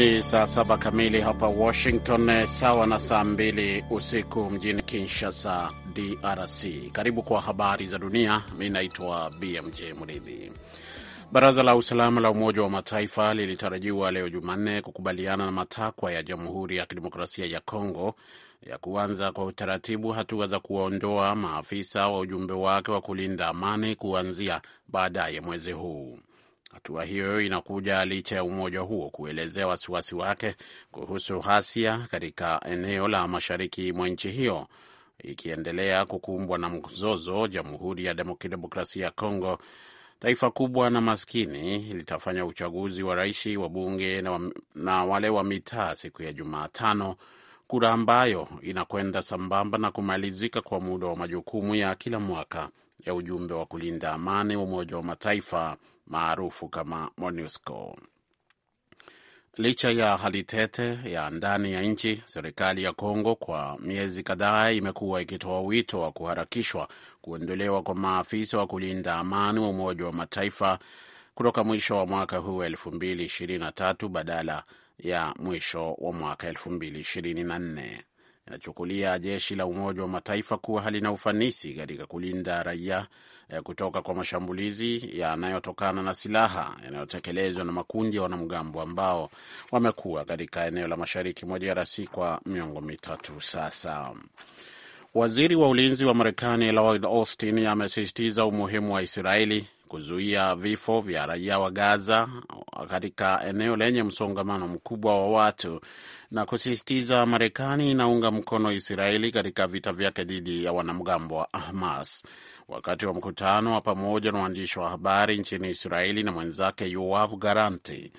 Ni saa saba kamili hapa Washington, sawa na saa mbili usiku mjini Kinshasa, DRC. Karibu kwa habari za dunia. Mi naitwa BMJ Mridhi. Baraza la usalama la Umoja wa Mataifa lilitarajiwa leo Jumanne kukubaliana na matakwa ya Jamhuri ya Kidemokrasia ya Kongo ya kuanza kwa utaratibu hatua za kuwaondoa maafisa wa ujumbe wake wa kulinda amani kuanzia baadaye mwezi huu. Hatua hiyo inakuja licha ya umoja huo kuelezea wasiwasi wake kuhusu ghasia katika eneo la mashariki mwa nchi hiyo ikiendelea kukumbwa na mzozo. Jamhuri ya Kidemokrasia ya Kongo, taifa kubwa na maskini, litafanya uchaguzi wa rais, wa bunge na, na wale wa mitaa siku ya Jumatano, kura ambayo inakwenda sambamba na kumalizika kwa muda wa majukumu ya kila mwaka ya ujumbe wa kulinda amani wa Umoja wa Mataifa maarufu kama MONUSCO. Licha ya hali tete ya ndani ya nchi, serikali ya Kongo kwa miezi kadhaa imekuwa ikitoa wito wa kuharakishwa kuondolewa kwa maafisa wa kulinda amani wa Umoja wa Mataifa kutoka mwisho wa mwaka huu tatu badala ya mwisho wa mwaka nne inachukulia jeshi la Umoja wa Mataifa kuwa halina ufanisi katika kulinda raia eh, kutoka kwa mashambulizi yanayotokana na silaha yanayotekelezwa na makundi ya wanamgambo ambao wamekuwa katika eneo la mashariki mwa DRC kwa miongo mitatu sasa. Waziri wa ulinzi wa Marekani Lloyd Austin amesisitiza umuhimu wa Israeli kuzuia vifo vya raia wa Gaza katika eneo lenye msongamano mkubwa wa watu na kusisitiza Marekani inaunga mkono Israeli katika vita vyake dhidi ya wanamgambo wa Hamas. Wakati wa mkutano wa pamoja na waandishi wa habari nchini Israeli na mwenzake Yoav Garanti,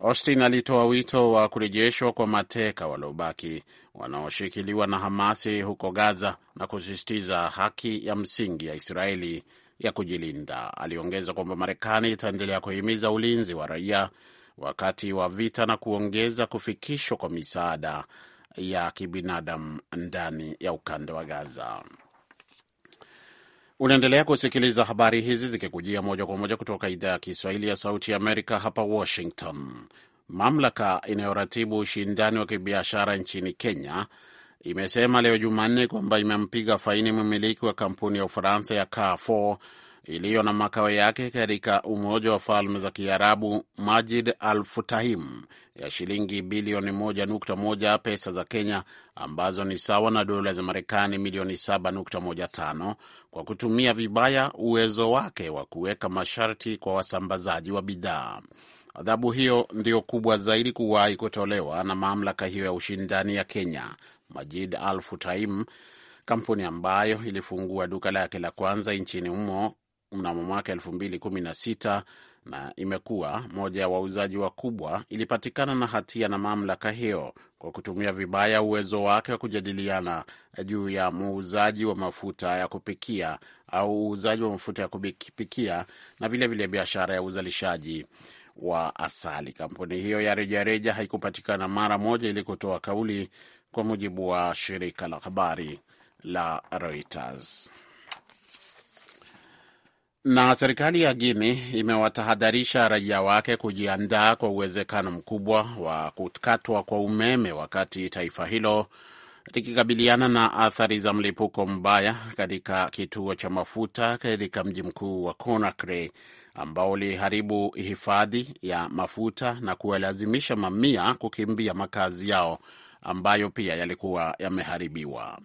Austin alitoa wito wa kurejeshwa kwa mateka waliobaki wanaoshikiliwa na Hamasi huko Gaza na kusisitiza haki ya msingi ya Israeli ya kujilinda. Aliongeza kwamba Marekani itaendelea kuhimiza ulinzi wa raia wakati wa vita na kuongeza kufikishwa kwa misaada ya kibinadamu ndani ya ukanda wa Gaza. Unaendelea kusikiliza habari hizi zikikujia moja kwa moja kutoka idhaa ya Kiswahili ya Sauti ya Amerika, hapa Washington. Mamlaka inayoratibu ushindani wa kibiashara nchini Kenya imesema leo Jumanne kwamba imempiga faini mmiliki wa kampuni ya Ufaransa ya Carrefour iliyo na makao yake katika Umoja wa Falme za Kiarabu, Majid Al Futahim, ya shilingi bilioni 1.1 pesa za Kenya, ambazo ni sawa na dola za Marekani milioni 7.15 kwa kutumia vibaya uwezo wake wa kuweka masharti kwa wasambazaji wa bidhaa. Adhabu hiyo ndiyo kubwa zaidi kuwahi kutolewa na mamlaka hiyo ya ushindani ya Kenya. Majid Al Futaim, kampuni ambayo ilifungua duka lake la kwanza nchini humo mnamo mwaka 2016 na imekuwa moja ya wa wauzaji wakubwa, ilipatikana na hatia na mamlaka hiyo kwa kutumia vibaya uwezo wake wa kujadiliana juu ya muuzaji wa mafuta ya kupikia au uuzaji wa mafuta ya kupikia na vilevile biashara ya uzalishaji wa asali. Kampuni hiyo ya rejareja haikupatikana mara moja ili kutoa kauli kwa mujibu wa shirika la habari la Reuters. Na serikali ya Guini imewatahadharisha raia wake kujiandaa kwa uwezekano mkubwa wa kukatwa kwa umeme wakati taifa hilo likikabiliana na athari za mlipuko mbaya katika kituo cha mafuta katika mji mkuu wa Conakry ambao uliharibu hifadhi ya mafuta na kuwalazimisha mamia kukimbia makazi yao ambayo pia yalikuwa yameharibiwa.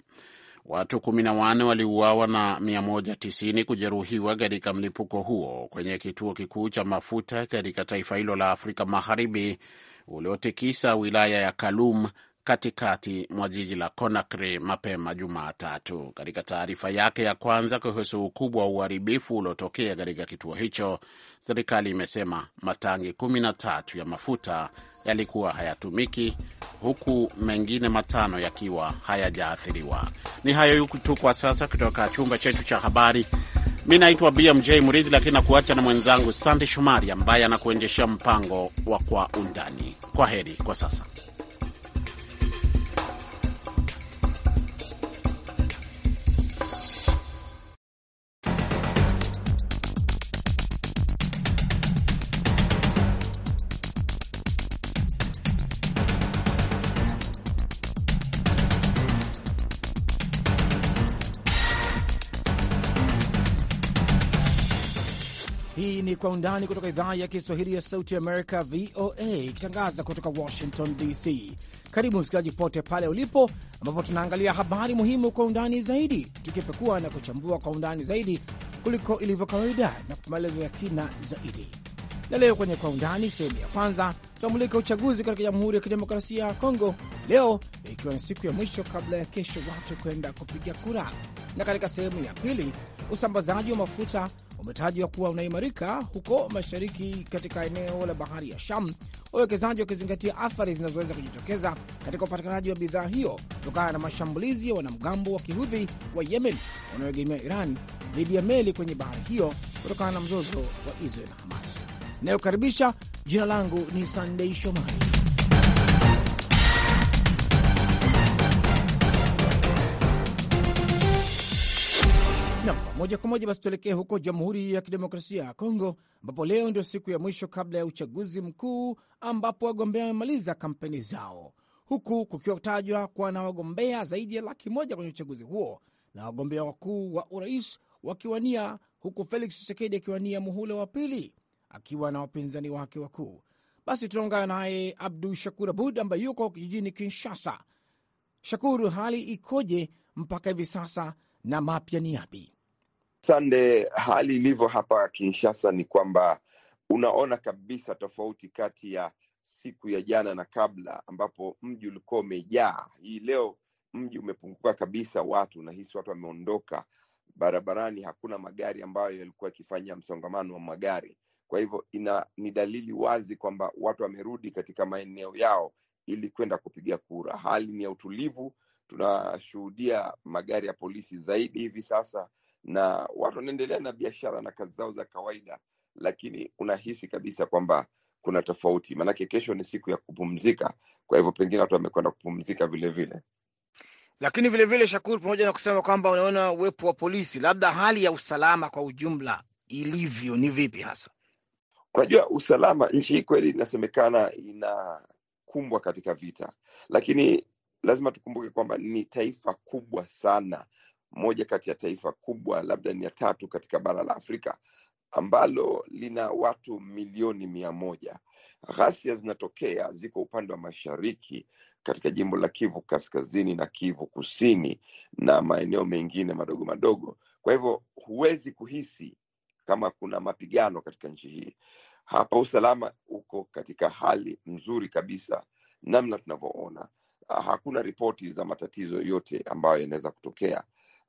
Watu wanne waliuawa na 190 kujeruhiwa katika mlipuko huo kwenye kituo kikuu cha mafuta katika taifa hilo la Afrika Magharibi uliotikisa wilaya ya Kalum katikati mwa jiji la Conakry mapema Jumatatu. Katika taarifa yake ya kwanza kuhusu ukubwa wa uharibifu uliotokea katika kituo hicho, serikali imesema matangi 13 ya mafuta yalikuwa hayatumiki huku mengine matano yakiwa hayajaathiriwa. Ni hayo tu kwa sasa kutoka chumba chetu cha habari. Mi naitwa BMJ Murithi, lakini nakuacha na mwenzangu Sande Shomari ambaye anakuendeshea mpango wa Kwa Undani. Kwa heri kwa sasa. Kwa Undani kutoka idhaa ya Kiswahili ya Sauti Amerika, VOA, ikitangaza kutoka Washington DC. Karibu msikilizaji pote pale ulipo, ambapo tunaangalia habari muhimu kwa undani zaidi, tukipekua na kuchambua kwa undani zaidi kuliko ilivyo kawaida na kwa maelezo ya kina zaidi. Na leo kwenye Kwa Undani, sehemu ya kwanza, tutamulika uchaguzi katika Jamhuri ya Kidemokrasia ya Kongo leo ikiwa ni siku ya mwisho kabla ya kesho watu kwenda kupiga kura, na katika sehemu ya pili, usambazaji wa mafuta umetajwa kuwa unaimarika huko mashariki katika eneo la bahari ya Sham, wawekezaji wakizingatia athari zinazoweza kujitokeza katika upatikanaji wa bidhaa hiyo kutokana na mashambulizi ya wanamgambo wa kihudhi wa Yemen wanaoegemea Iran dhidi ya meli kwenye bahari hiyo kutokana na mzozo wa Israel na Hamas. Inayokaribisha, jina langu ni Sandei Shomari. Moja kwa moja basi tuelekee huko Jamhuri ya Kidemokrasia ya Kongo, ambapo leo ndio siku ya mwisho kabla ya uchaguzi mkuu, ambapo wagombea wamemaliza kampeni zao, huku kukiwa kutajwa kuwa na wagombea zaidi ya laki moja kwenye uchaguzi huo na wagombea wakuu wa urais wakiwania, huku Felix Tshisekedi akiwania muhula wa pili akiwa na wapinzani wake wakuu. Basi tunaungana naye Abdu Shakur Abud ambaye yuko jijini Kinshasa. Shakuru, hali ikoje mpaka hivi sasa na mapya ni yapi? Sande, hali ilivyo hapa Kinshasa ni kwamba unaona kabisa tofauti kati ya siku ya jana na kabla, ambapo mji ulikuwa umejaa. Hii leo mji umepunguka kabisa, watu nahisi watu wameondoka barabarani, hakuna magari ambayo yalikuwa yakifanya msongamano wa magari. Kwa hivyo ina ni dalili wazi kwamba watu wamerudi katika maeneo yao ili kwenda kupiga kura. Hali ni ya utulivu, tunashuhudia magari ya polisi zaidi hivi sasa na watu wanaendelea na biashara na kazi zao za kawaida, lakini unahisi kabisa kwamba kuna tofauti, maanake kesho ni siku ya kupumzika. Kwa hivyo pengine watu wamekwenda kupumzika vilevile vile. Lakini vilevile vile, Shakuru, pamoja na kusema kwamba unaona uwepo wa polisi, labda hali ya usalama kwa ujumla ilivyo ni vipi hasa? Unajua, usalama nchi hii kweli inasemekana inakumbwa katika vita, lakini lazima tukumbuke kwamba ni taifa kubwa sana moja kati ya taifa kubwa labda ni ya tatu katika bara la Afrika ambalo lina watu milioni mia moja. Ghasia zinatokea ziko upande wa mashariki katika jimbo la Kivu kaskazini na Kivu kusini na maeneo mengine madogo madogo. Kwa hivyo huwezi kuhisi kama kuna mapigano katika nchi hii. Hapa usalama uko katika hali nzuri kabisa, namna tunavyoona. Hakuna ripoti za matatizo yote ambayo yanaweza kutokea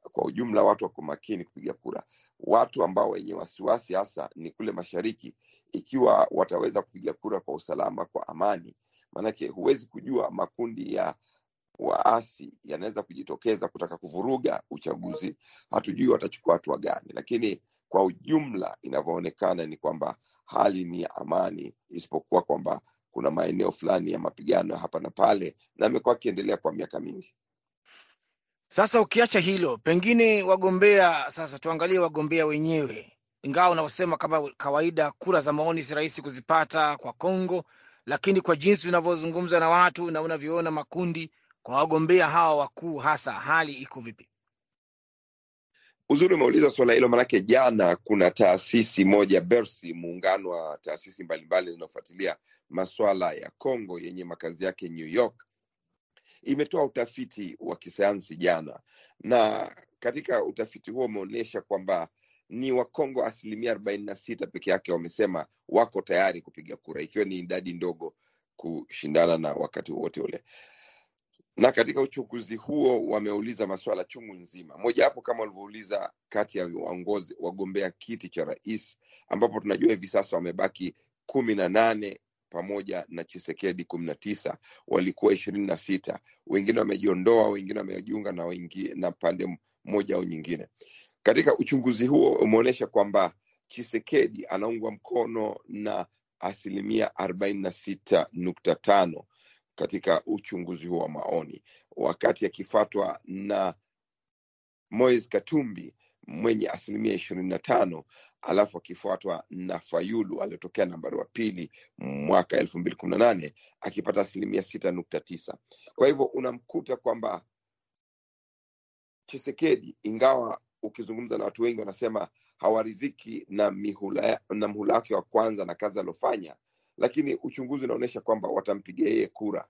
kwa ujumla watu wako makini kupiga kura. Watu ambao wenye wasiwasi hasa ni kule mashariki, ikiwa wataweza kupiga kura kwa usalama, kwa amani, maanake huwezi kujua makundi ya waasi yanaweza kujitokeza kutaka kuvuruga uchaguzi. Hatujui watachukua hatua gani, lakini kwa ujumla inavyoonekana ni kwamba hali ni ya amani, isipokuwa kwamba kuna maeneo fulani ya mapigano hapa na pale, na amekuwa akiendelea kwa miaka mingi. Sasa ukiacha hilo, pengine wagombea sasa, tuangalie wagombea wenyewe, ingawa unavyosema kama kawaida, kura za maoni si rahisi kuzipata kwa Kongo, lakini kwa jinsi unavyozungumza na watu na unavyoona makundi kwa wagombea hawa wakuu, hasa hali iko vipi? Uzuri umeuliza suala hilo, maanake jana kuna taasisi moja Bersi, muungano wa taasisi mbalimbali zinaofuatilia maswala ya congo yenye makazi yake New York imetoa utafiti wa kisayansi jana, na katika utafiti huo umeonyesha kwamba ni Wakongo asilimia arobaini na sita peke yake wamesema wako tayari kupiga kura, ikiwa ni idadi ndogo kushindana na wakati wowote ule. Na katika uchunguzi huo wameuliza masuala chungu nzima, mojawapo kama walivyouliza kati ya waongozi wagombea kiti cha rais, ambapo tunajua hivi sasa wamebaki kumi na nane pamoja na Chisekedi kumi na tisa walikuwa ishirini na sita wengine wamejiondoa, wengine wamejiunga na, na pande moja au nyingine. Katika uchunguzi huo umeonyesha kwamba Chisekedi anaungwa mkono na asilimia arobaini na sita nukta tano katika uchunguzi huo wa maoni, wakati akifuatwa na Moise Katumbi mwenye asilimia ishirini na tano alafu akifuatwa na Fayulu aliyotokea nambari wa pili mwaka elfu mbili kumi na nane akipata asilimia sita nukta tisa. Kwa hivyo unamkuta kwamba Chisekedi, ingawa ukizungumza na watu wengi wanasema hawaridhiki na mihula, na mhula wake wa kwanza na kazi aliofanya, lakini uchunguzi unaonyesha kwamba watampiga yeye kura.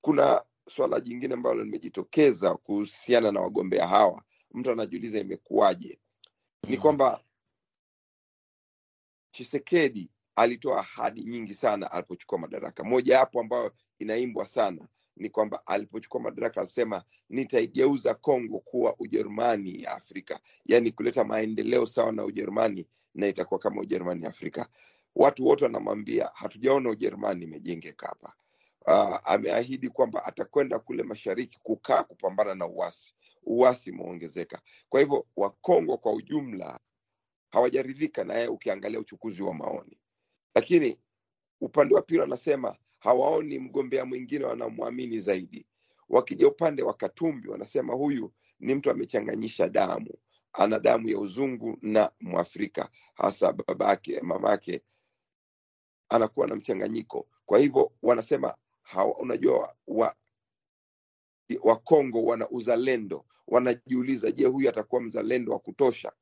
Kuna suala jingine ambalo limejitokeza kuhusiana na wagombea hawa, mtu anajiuliza imekuwaje? Ni kwamba Chisekedi alitoa ahadi nyingi sana alipochukua madaraka. Moja yapo ambayo inaimbwa sana ni kwamba alipochukua madaraka alisema nitaigeuza Kongo kuwa Ujerumani ya Afrika, yaani kuleta maendeleo sawa na Ujerumani na itakuwa kama Ujerumani ya Afrika. Watu wote wanamwambia hatujaona Ujerumani imejengeka hapa. Uh, ameahidi kwamba atakwenda kule mashariki kukaa kupambana na uasi. Uasi umeongezeka, kwa hivyo Wakongo kwa ujumla hawajaridhika naye, ukiangalia uchukuzi wa maoni. Lakini upande wa pili wanasema hawaoni mgombea mwingine wanamwamini zaidi. Wakija upande wa Katumbi wanasema huyu ni mtu amechanganyisha damu, ana damu ya uzungu na Mwafrika, hasa babake, mamake anakuwa na mchanganyiko. Kwa hivyo wanasema hawa, unajua wa Wakongo wana uzalendo, wanajiuliza, je, huyu atakuwa mzalendo wa kutosha?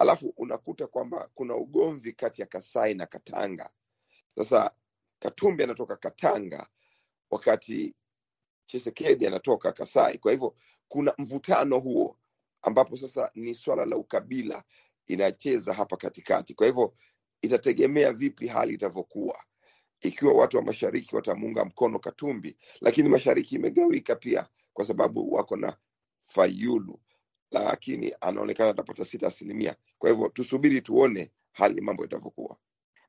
Alafu unakuta kwamba kuna ugomvi kati ya Kasai na Katanga. Sasa Katumbi anatoka Katanga wakati Chisekedi anatoka Kasai. Kwa hivyo kuna mvutano huo, ambapo sasa ni swala la ukabila inacheza hapa katikati. Kwa hivyo itategemea vipi hali itavyokuwa, ikiwa watu wa mashariki watamuunga mkono Katumbi, lakini mashariki imegawika pia, kwa sababu wako na Fayulu lakini anaonekana atapata sita asilimia. Kwa hivyo tusubiri tuone hali mambo yatavyokuwa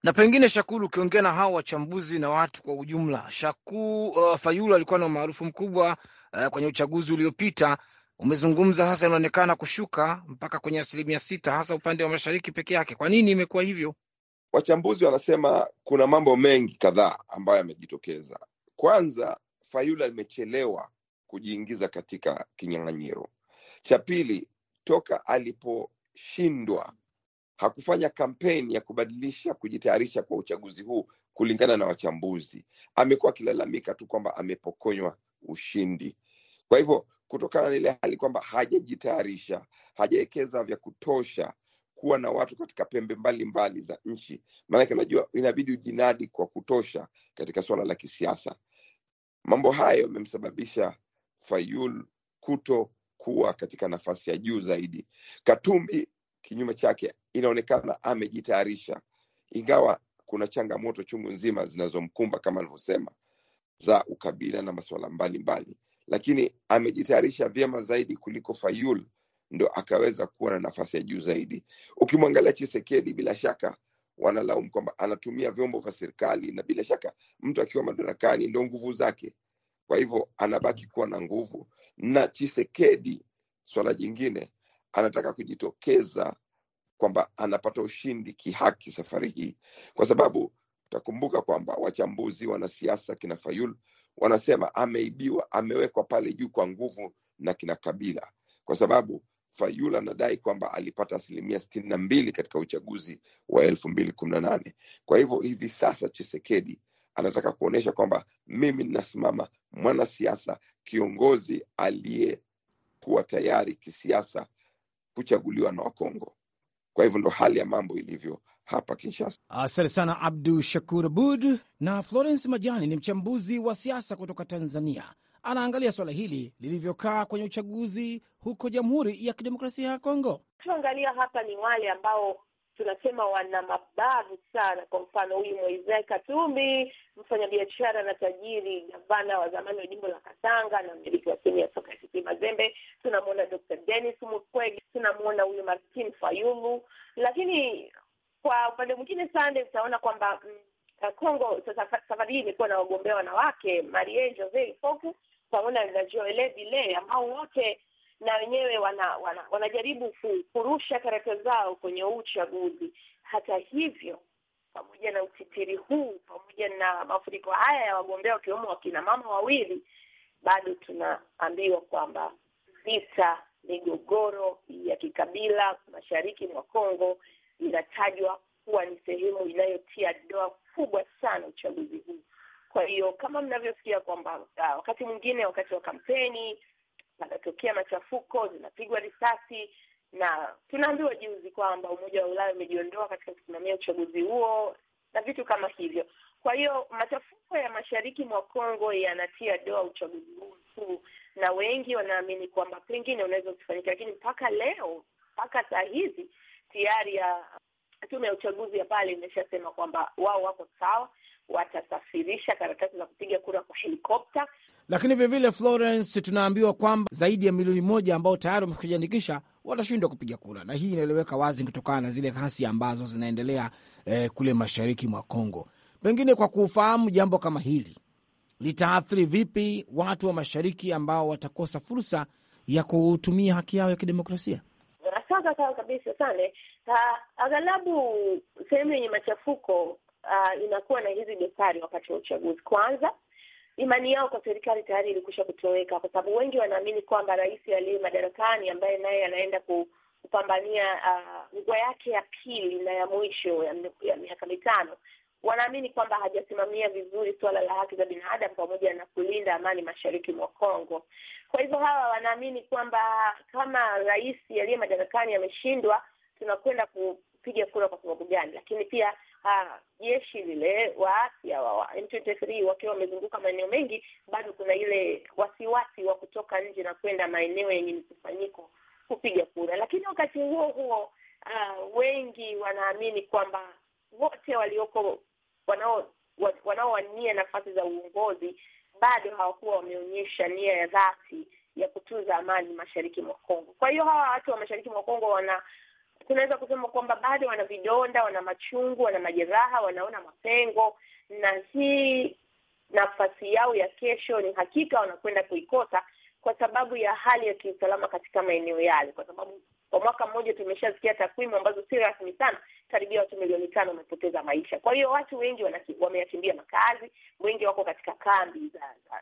na pengine Shakuru, ukiongea na hawa wachambuzi na watu kwa ujumla, Shaku uh, Fayulu alikuwa na umaarufu mkubwa uh, kwenye uchaguzi uliopita. Umezungumza sasa, inaonekana kushuka mpaka kwenye asilimia sita, hasa upande wa mashariki peke yake. Kwa nini imekuwa hivyo? Wachambuzi wanasema kuna mambo mengi kadhaa ambayo yamejitokeza. Kwanza, Fayulu amechelewa kujiingiza katika kinyang'anyiro. Cha pili, toka aliposhindwa hakufanya kampeni ya kubadilisha kujitayarisha kwa uchaguzi huu. Kulingana na wachambuzi, amekuwa akilalamika tu kwamba amepokonywa ushindi. Kwa hivyo, kutokana na ile hali kwamba hajajitayarisha, hajawekeza vya kutosha kuwa na watu katika pembe mbalimbali mbali za nchi, maanake unajua inabidi ujinadi kwa kutosha katika suala la kisiasa. Mambo hayo yamemsababisha Fayul kuto kuwa katika nafasi ya juu zaidi. Katumbi kinyume chake, inaonekana amejitayarisha, ingawa kuna changamoto chungu nzima zinazomkumba kama alivyosema, za ukabila na masuala mbalimbali, lakini amejitayarisha vyema zaidi kuliko Fayul, ndo akaweza kuwa na nafasi ya juu zaidi. Ukimwangalia Chisekedi, bila shaka wanalaumu kwamba anatumia vyombo vya serikali, na bila shaka mtu akiwa madarakani ndo nguvu zake kwa hivyo anabaki kuwa na nguvu, na Chisekedi, swala jingine, anataka kujitokeza kwamba anapata ushindi kihaki safari hii, kwa sababu utakumbuka kwamba wachambuzi, wanasiasa kina Fayul wanasema ameibiwa, amewekwa pale juu kwa nguvu na kina Kabila, kwa sababu Fayul anadai kwamba alipata asilimia sitini na mbili katika uchaguzi wa elfu mbili kumi na nane. Kwa hivyo hivi sasa Chisekedi anataka kuonyesha kwamba mimi ninasimama, mwanasiasa kiongozi aliyekuwa tayari kisiasa kuchaguliwa na Wakongo. Kwa hivyo ndo hali ya mambo ilivyo hapa Kinshasa. Asante sana Abdu Shakur Abud. Na Florence Majani ni mchambuzi wa siasa kutoka Tanzania, anaangalia suala hili lilivyokaa kwenye uchaguzi huko Jamhuri ya Kidemokrasia ya Kongo. Tunaangalia hapa ni wale ambao tunasema wana mabavu sana. Kwa mfano huyu Moise Katumbi, mfanyabiashara na tajiri, gavana wa zamani wa jimbo la Katanga na mmiliki wa timu ya soka ya TP Mazembe. Tunamwona Dr. Denis Mukwege, tunamwona huyu Martin Fayulu. Lakini kwa upande mwingine, Sande, utaona kwamba Kongo mm, sasa safari hii imekuwa na wagombea wanawake Marie Jose Ifoku pamoja na Joele Bile ambao wote na wenyewe wana, wana, wanajaribu kurusha karata zao kwenye uchaguzi. Hata hivyo, pamoja na utitiri huu, pamoja na mafuriko haya ya wagombea wakiwemo wakina mama wawili, bado tunaambiwa kwamba visa migogoro ya kikabila mashariki mwa Kongo inatajwa kuwa ni sehemu inayotia doa kubwa sana uchaguzi huu. Kwa hiyo kama mnavyosikia kwamba uh, wakati mwingine, wakati wa kampeni panatokea machafuko, zinapigwa risasi, na tunaambiwa juzi kwamba Umoja wa Ulaya umejiondoa katika kusimamia uchaguzi huo na vitu kama hivyo. Kwa hiyo machafuko ya mashariki mwa Kongo yanatia doa uchaguzi huu mkuu, na wengi wanaamini kwamba pengine unaweza kufanyika, lakini mpaka leo, mpaka saa hizi tayari ya tume ya uchaguzi ya pale imeshasema kwamba wao wako sawa watasafirisha karatasi za kupiga kura kwa helikopta. Lakini vilevile, Florence, tunaambiwa kwamba zaidi ya milioni moja ambao tayari wamekujiandikisha watashindwa kupiga kura, na hii inaeleweka wazi kutokana na zile ghasia ambazo zinaendelea eh, kule mashariki mwa congo Pengine kwa kufahamu jambo kama hili litaathiri vipi watu wa mashariki ambao watakosa fursa ya kutumia haki yao ya kidemokrasia? Sawa sawa kabisa, sane. Ah, aghalabu sehemu yenye machafuko uh, inakuwa na hizi dosari wakati wa uchaguzi. Kwanza, imani yao kwa serikali tayari ilikwisha kutoweka, kwa sababu wengi wanaamini kwamba rais aliye madarakani ambaye naye anaenda kupambania uh, nguo uh, yake ya pili na ya mwisho ya miaka mitano wanaamini kwamba hajasimamia vizuri suala la haki za binadamu pamoja na kulinda amani mashariki mwa Kongo. Kwa hivyo hawa wanaamini kwamba kama rais aliye madarakani ameshindwa, tunakwenda kupiga kura kwa sababu gani, lakini pia ah, jeshi uh, lile wa afya wa M23 wakiwa wamezunguka maeneo mengi, bado kuna ile wasiwasi wa kutoka nje na kwenda maeneo yenye mkusanyiko kupiga kura. Lakini wakati huo huo uh, wengi wanaamini kwamba wote walioko wanao wanaowania nafasi za uongozi bado hawakuwa wameonyesha nia ya dhati ya kutunza amani mashariki mwa Kongo. Kwa hiyo hawa watu wa mashariki mwa Kongo wana tunaweza kusema kwamba bado wana vidonda, wana machungu, wana majeraha, wanaona mapengo, na hii nafasi yao ya kesho ni hakika wanakwenda kuikosa kwa sababu ya hali ya kiusalama katika maeneo yale, kwa sababu kwa mwaka mmoja tumeshasikia takwimu ambazo sio rasmi sana, karibia watu milioni tano wamepoteza maisha. Kwa hiyo watu wengi wameyakimbia makazi, wengi wako katika kambi za, za,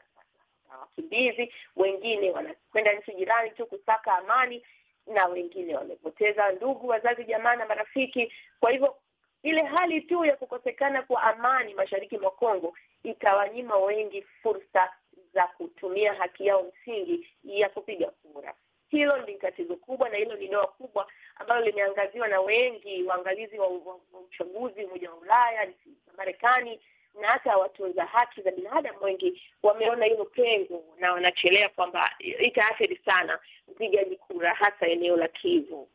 za wakimbizi, wengine wanakwenda nchi jirani tu kusaka amani na wengine wamepoteza ndugu, wazazi, jamaa na marafiki. Kwa hivyo ile hali tu ya kukosekana kwa amani mashariki mwa Kongo itawanyima wengi fursa za kutumia haki yao msingi ya kupiga kura. Hilo ni tatizo kubwa na hilo ni doa kubwa ambalo limeangaziwa na wengi waangalizi wa, wa, wa uchaguzi Umoja wa Ulaya na Marekani na hata watunza haki za binadamu wengi wameona hilo pengo na wanachelea kwamba itaathiri sana upigaji kura hasa eneo la Kivu.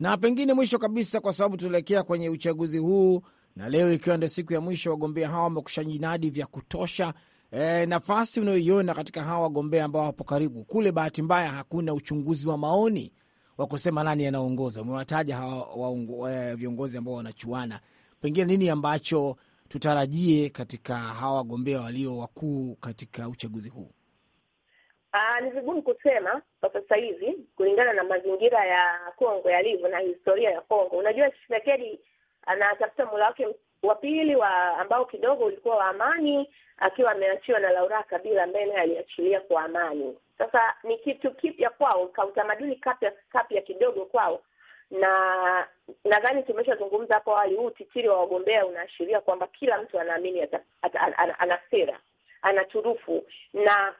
Na pengine mwisho kabisa, kwa sababu tunaelekea kwenye uchaguzi huu na leo ikiwa ndio siku ya mwisho, wagombea hawa wamekusha jinadi vya kutosha. E, nafasi unayoiona katika hawa wagombea ambao wapo karibu kule, bahati mbaya hakuna uchunguzi wa maoni wa kusema nani anaongoza. Umewataja hawa e, viongozi ambao wanachuana, pengine nini ambacho tutarajie katika hawa wagombea walio wakuu katika uchaguzi huu? Aa, ah, ni vigumu kusema kwa sasa hivi kulingana na mazingira ya Kongo yalivyo na historia ya Kongo. Unajua, Tshisekedi anatafuta mula wake wa pili wa ambao kidogo ulikuwa wa amani, akiwa ameachiwa na Laurent Kabila ambaye naye aliachilia kwa amani. Sasa ni kitu kipya kwao, kautamaduni kapya kapya kidogo kwao, na nadhani tumeshazungumza hapo awali, huu titiri wa wagombea unaashiria kwamba kila mtu anaamini ana sera, ana turufu na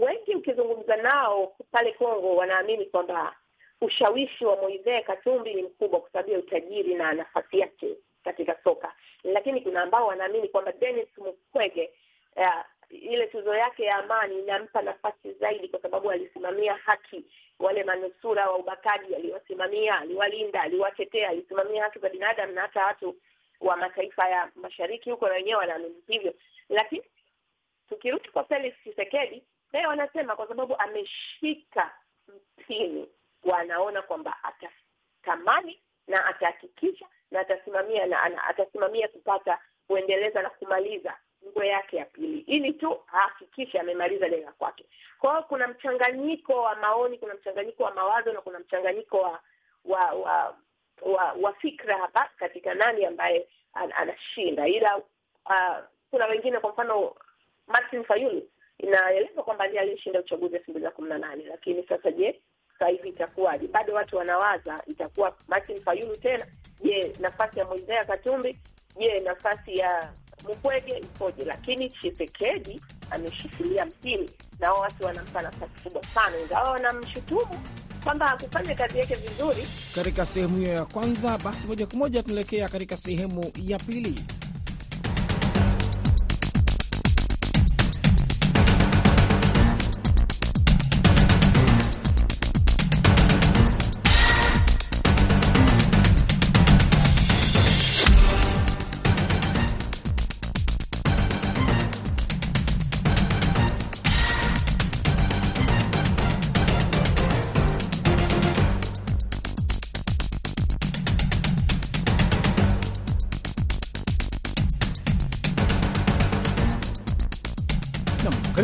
wengi ukizungumza nao pale Kongo wanaamini kwamba ushawishi wa Moise Katumbi ni mkubwa kwa sababu ya utajiri na nafasi yake katika soka, lakini kuna ambao wanaamini kwamba Dennis Mukwege uh, ile tuzo yake ya amani inampa nafasi zaidi, kwa sababu alisimamia haki. Wale manusura wa ubakaji aliwasimamia, aliwalinda, aliwatetea, alisimamia haki za binadamu, na hata watu wa mataifa ya mashariki huko na wenyewe wanaamini hivyo. Lakini tukirudi kwa Felix Tshisekedi, Leo anasema kwa sababu ameshika mpini, wanaona kwamba atatamani na atahakikisha na atasimamia na atasimamia kupata kuendeleza na kumaliza nguo yake ya pili, ili tu ahakikishe amemaliza lenga kwake. Kwa hiyo kuna mchanganyiko wa maoni, kuna mchanganyiko wa mawazo na kuna mchanganyiko wa wa wa, wa, wa fikra hapa katika nani ambaye anashinda, ila uh, kuna wengine, kwa mfano Martin Fayulu inaelezwa kwamba ndiye aliyeshinda uchaguzi elfu mbili na kumi na nane lakini sasa je, sasa hivi itakuwaje? Bado watu wanawaza itakuwa Martin Fayulu tena? Je, nafasi ya Moisea Katumbi? Je, nafasi ya Mukwege ikoje Lakini Chisekedi ameshikilia mpini, na watu wanampa nafasi kubwa sana, ingawa wanamshutumu kwamba hakufanya kazi yake vizuri katika sehemu hiyo ya kwanza. Basi moja kwa moja tunaelekea katika sehemu ya pili.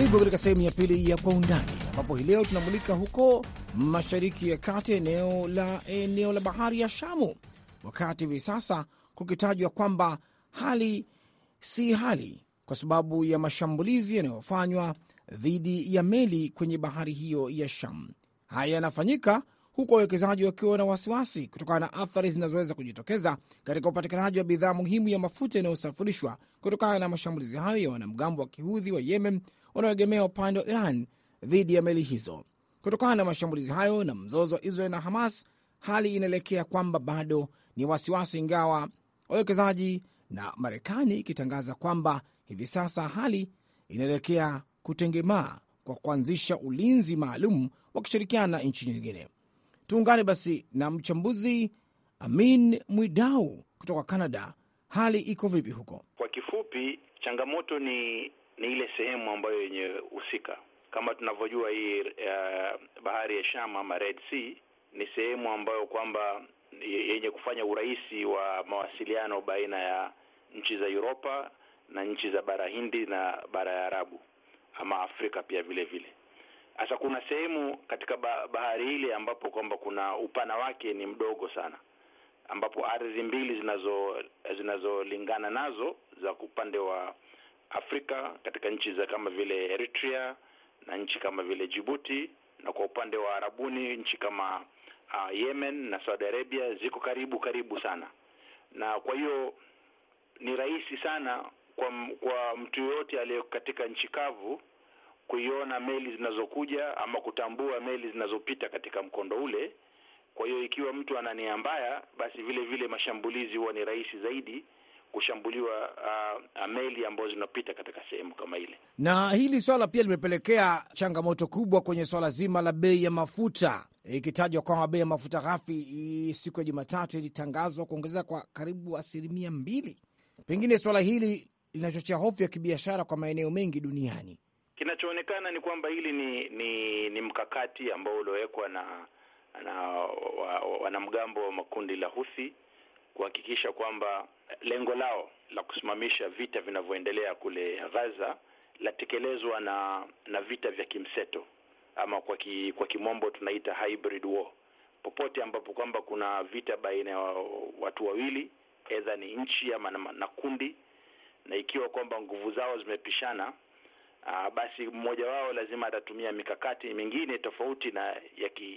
Karibu katika sehemu ya pili ya Kwa Undani, ambapo hii leo tunamulika huko mashariki ya kati, eneo la eneo la bahari ya Shamu, wakati hivi sasa kukitajwa kwamba hali si hali kwa sababu ya mashambulizi yanayofanywa dhidi ya meli kwenye bahari hiyo ya Shamu. Haya yanafanyika huku wawekezaji wakiwa na wasiwasi kutokana na athari zinazoweza kujitokeza katika upatikanaji wa bidhaa muhimu ya mafuta yanayosafirishwa kutokana na mashambulizi hayo ya wanamgambo wa kihudhi wa Yemen wanaoegemea upande wa Iran dhidi ya meli hizo. Kutokana na mashambulizi hayo na mzozo wa Israel na Hamas, hali inaelekea kwamba bado ni wasiwasi, ingawa wawekezaji na Marekani ikitangaza kwamba hivi sasa hali inaelekea kutengemaa kwa kuanzisha ulinzi maalum wakishirikiana na nchi nyingine. Tuungane basi na mchambuzi Amin Mwidau kutoka Canada. Hali iko vipi huko? Kwa kifupi, changamoto ni ni ile sehemu ambayo yenye husika. Kama tunavyojua hii uh, bahari ya Sham ama Red Sea ni sehemu ambayo kwamba yenye kufanya urahisi wa mawasiliano baina ya nchi za Europa na nchi za bara Hindi na bara ya Arabu ama Afrika pia vile vile. Sasa kuna sehemu katika bahari ile ambapo kwamba kuna upana wake ni mdogo sana, ambapo ardhi mbili zinazo zinazolingana nazo za upande wa Afrika katika nchi za kama vile Eritrea na nchi kama vile Djibouti, na kwa upande wa Arabuni nchi kama uh, Yemen na Saudi Arabia ziko karibu karibu sana, na kwa hiyo ni rahisi sana kwa, kwa mtu yoyote aliye katika nchi kavu kuiona meli zinazokuja ama kutambua meli zinazopita katika mkondo ule. Kwa hiyo ikiwa mtu ana nia mbaya, basi vile vile mashambulizi huwa ni rahisi zaidi kushambuliwa uh, meli ambazo zinapita katika sehemu kama ile. Na hili swala pia limepelekea changamoto kubwa kwenye swala zima la bei ya mafuta, ikitajwa kwamba bei ya mafuta ghafi siku ya Jumatatu ilitangazwa kuongezeka kwa karibu asilimia mbili. Pengine swala hili linachochea hofu ya kibiashara kwa maeneo mengi duniani. Kinachoonekana ni kwamba hili ni ni, ni mkakati ambao uliowekwa na na wanamgambo wa, wa makundi la husi kuhakikisha kwamba lengo lao la kusimamisha vita vinavyoendelea kule Gaza latekelezwa na na vita vya kimseto ama kwa ki, kwa kimombo tunaita hybrid war. Popote ambapo kwamba kuna vita baina ya watu wawili, edha ni nchi ama na, na kundi, na ikiwa kwamba nguvu zao zimepishana, Uh, basi mmoja wao lazima atatumia mikakati mingine tofauti na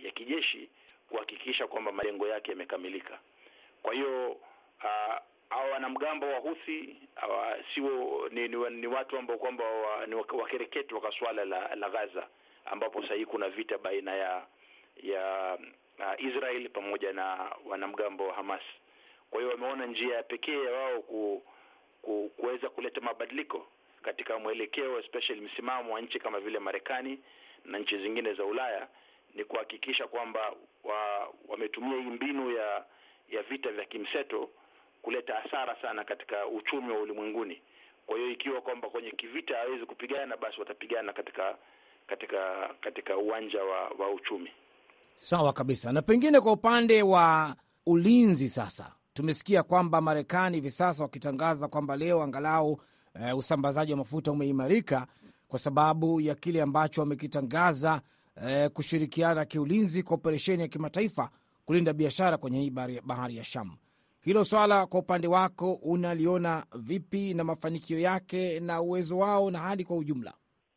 ya kijeshi kuhakikisha kwamba malengo yake yamekamilika. Kwa hiyo ah, hawa wanamgambo Wahuthi sio ni, ni, ni watu ambao kwamba wakereketwa wa kwa swala la, la Gaza ambapo sahii kuna vita baina ya ya uh, Israel pamoja na wanamgambo wa Hamas. Kwa hiyo wameona njia ya pekee ya wao ku, ku, kuweza kuleta mabadiliko katika mwelekeo special msimamo wa nchi kama vile Marekani na nchi zingine za Ulaya ni kuhakikisha kwamba wametumia wa hii mbinu ya ya vita vya kimseto kuleta hasara sana katika uchumi wa ulimwenguni. Kwa hiyo ikiwa kwamba kwenye kivita hawezi kupigana, basi watapigana katika katika katika uwanja wa, wa uchumi. Sawa kabisa. Na pengine kwa upande wa ulinzi sasa, tumesikia kwamba Marekani hivi sasa wakitangaza kwamba leo angalau e, usambazaji wa mafuta umeimarika kwa sababu ya kile ambacho wamekitangaza e, kushirikiana kiulinzi kwa operesheni ya kimataifa kulinda biashara kwenye hii bahari ya sham Hilo swala kwa upande wako unaliona vipi, na mafanikio yake na uwezo wao na hali kwa ujumla?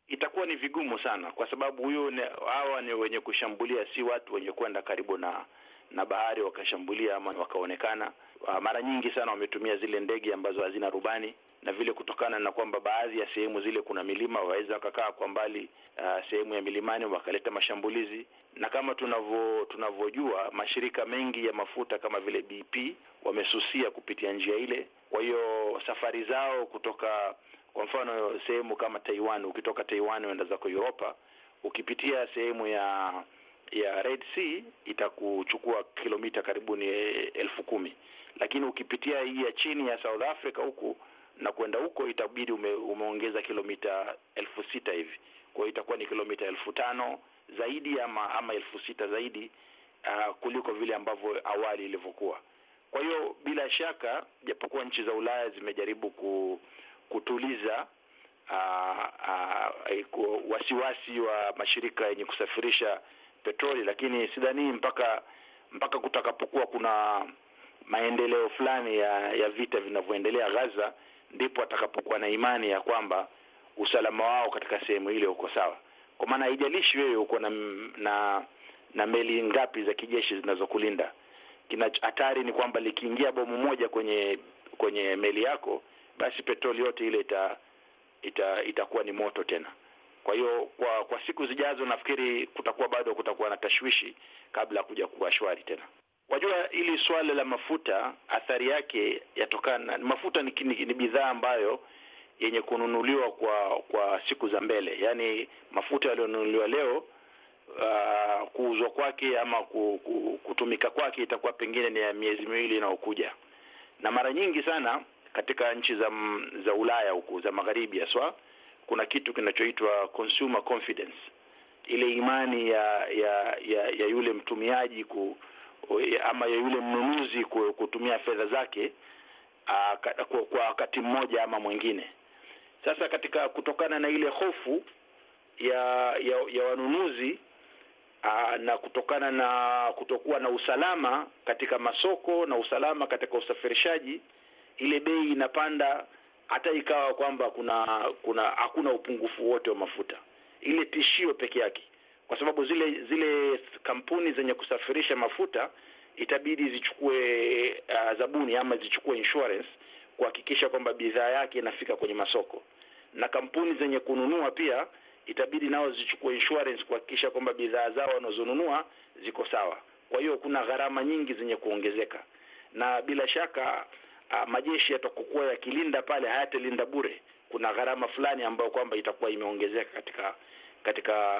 Itakuwa ni vigumu sana, kwa sababu huyo hawa ni wenye kushambulia, si watu wenye kwenda karibu na na bahari wakashambulia ama wakaonekana. Ah, mara nyingi sana wametumia zile ndege ambazo hazina rubani, na vile kutokana na kwamba baadhi ya sehemu zile kuna milima, waweza wakakaa kwa mbali uh, sehemu ya milimani wakaleta mashambulizi. Na kama tunavyo tunavyojua, mashirika mengi ya mafuta kama vile BP wamesusia kupitia njia ile. Kwa hiyo safari zao kutoka, kwa mfano, sehemu kama Taiwan, ukitoka Taiwan uenda zako Europa, ukipitia sehemu ya ya Red Sea itakuchukua kilomita karibuni eh, elfu kumi, lakini ukipitia hii ya chini ya South Africa huku na kwenda huko itabidi ume, umeongeza kilomita elfu sita hivi. Kwa hiyo itakuwa ni kilomita elfu tano zaidi ama ama elfu sita zaidi uh, kuliko vile ambavyo awali ilivyokuwa. Kwa hiyo bila shaka, japokuwa nchi za Ulaya zimejaribu ku, kutuliza uh, uh, wasiwasi wa mashirika yenye kusafirisha petroli, lakini sidhani mpaka mpaka kutakapokuwa kuna maendeleo fulani ya, ya vita vinavyoendelea Gaza ndipo atakapokuwa na imani ya kwamba usalama wao katika sehemu ile uko sawa, kwa maana haijalishi wewe uko na, na na meli ngapi za kijeshi zinazokulinda. Kina hatari ni kwamba likiingia bomu moja kwenye kwenye meli yako, basi petroli yote ile ita ita- itakuwa ni moto tena. Kwa hiyo kwa kwa siku zijazo nafikiri kutakuwa bado kutakuwa na tashwishi kabla ya kuja kuwa shwari tena. Wajua, hili swala la mafuta athari yake yatokana, mafuta ni, ni, ni bidhaa ambayo yenye kununuliwa kwa kwa siku za mbele, yaani mafuta yaliyonunuliwa leo uh, kuuzwa kwake ama kutumika kwake itakuwa pengine ni ya miezi miwili inayokuja, na mara nyingi sana katika nchi za za Ulaya huku za magharibi haswa kuna kitu kinachoitwa consumer confidence, ile imani ya ya ya, ya yule mtumiaji ku ama ya yule mnunuzi kutumia fedha zake kwa wakati mmoja ama mwingine. Sasa katika kutokana na ile hofu ya ya, ya wanunuzi na kutokana na kutokuwa na usalama katika masoko na usalama katika usafirishaji, ile bei inapanda hata ikawa kwamba kuna kuna hakuna upungufu wote wa mafuta, ile tishio peke yake kwa sababu zile zile kampuni zenye kusafirisha mafuta itabidi zichukue uh, zabuni ama zichukue insurance kuhakikisha kwamba bidhaa yake inafika kwenye masoko, na kampuni zenye kununua pia itabidi nao zichukue insurance kuhakikisha kwamba bidhaa zao wanazonunua ziko sawa. Kwa hiyo kuna gharama nyingi zenye kuongezeka, na bila shaka uh, majeshi yatakokuwa yakilinda pale hayatalinda bure. Kuna gharama fulani ambayo kwamba itakuwa imeongezeka katika katika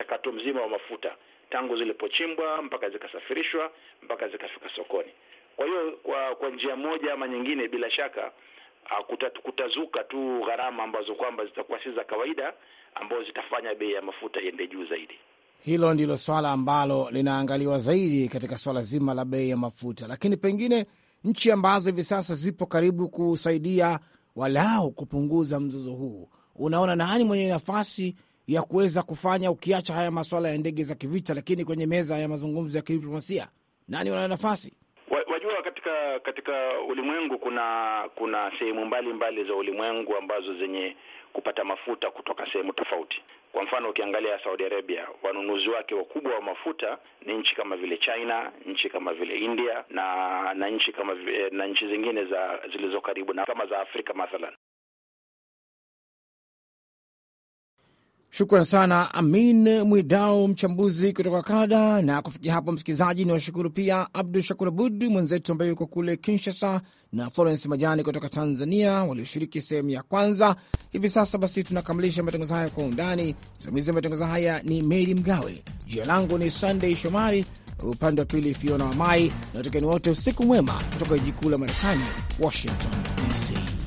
mchakato mzima wa mafuta tangu zilipochimbwa mpaka zikasafirishwa mpaka zikafika sokoni. Kwa hiyo kwa, kwa njia moja ama nyingine, bila shaka ah, kutazuka tu gharama ambazo kwamba zitakuwa si za kawaida, ambazo zitafanya bei ya mafuta iende juu zaidi. Hilo ndilo swala ambalo linaangaliwa zaidi katika swala zima la bei ya mafuta, lakini pengine nchi ambazo hivi sasa zipo karibu kusaidia walau kupunguza mzozo huu, unaona nani mwenye nafasi ya kuweza kufanya, ukiacha haya masuala ya ndege za kivita, lakini kwenye meza ya mazungumzo ya kidiplomasia nani wana nafasi? Wajua, katika katika ulimwengu kuna kuna sehemu mbalimbali za ulimwengu ambazo zenye kupata mafuta kutoka sehemu tofauti. Kwa mfano, ukiangalia Saudi Arabia, wanunuzi wake wakubwa wa mafuta ni nchi kama vile China, nchi kama vile India na na nchi kama eh, na nchi zingine za zilizo karibu na kama za Afrika mathalan. Shukran sana Amin Mwidau, mchambuzi kutoka Canada. Na kufikia hapo, msikilizaji, ni washukuru pia Abdu Shakur Abud mwenzetu ambaye yuko kule Kinshasa na Florence Majani kutoka Tanzania walioshiriki sehemu ya kwanza. Hivi sasa basi tunakamilisha matangazo haya kwa undani. Msimamizi wa matangazo haya ni Meri Mgawe, jina langu ni sandey Shomari, upande wa pili Fiona Wamai na watekeni wote, usiku mwema kutoka jiji kuu la Marekani, Washington DC.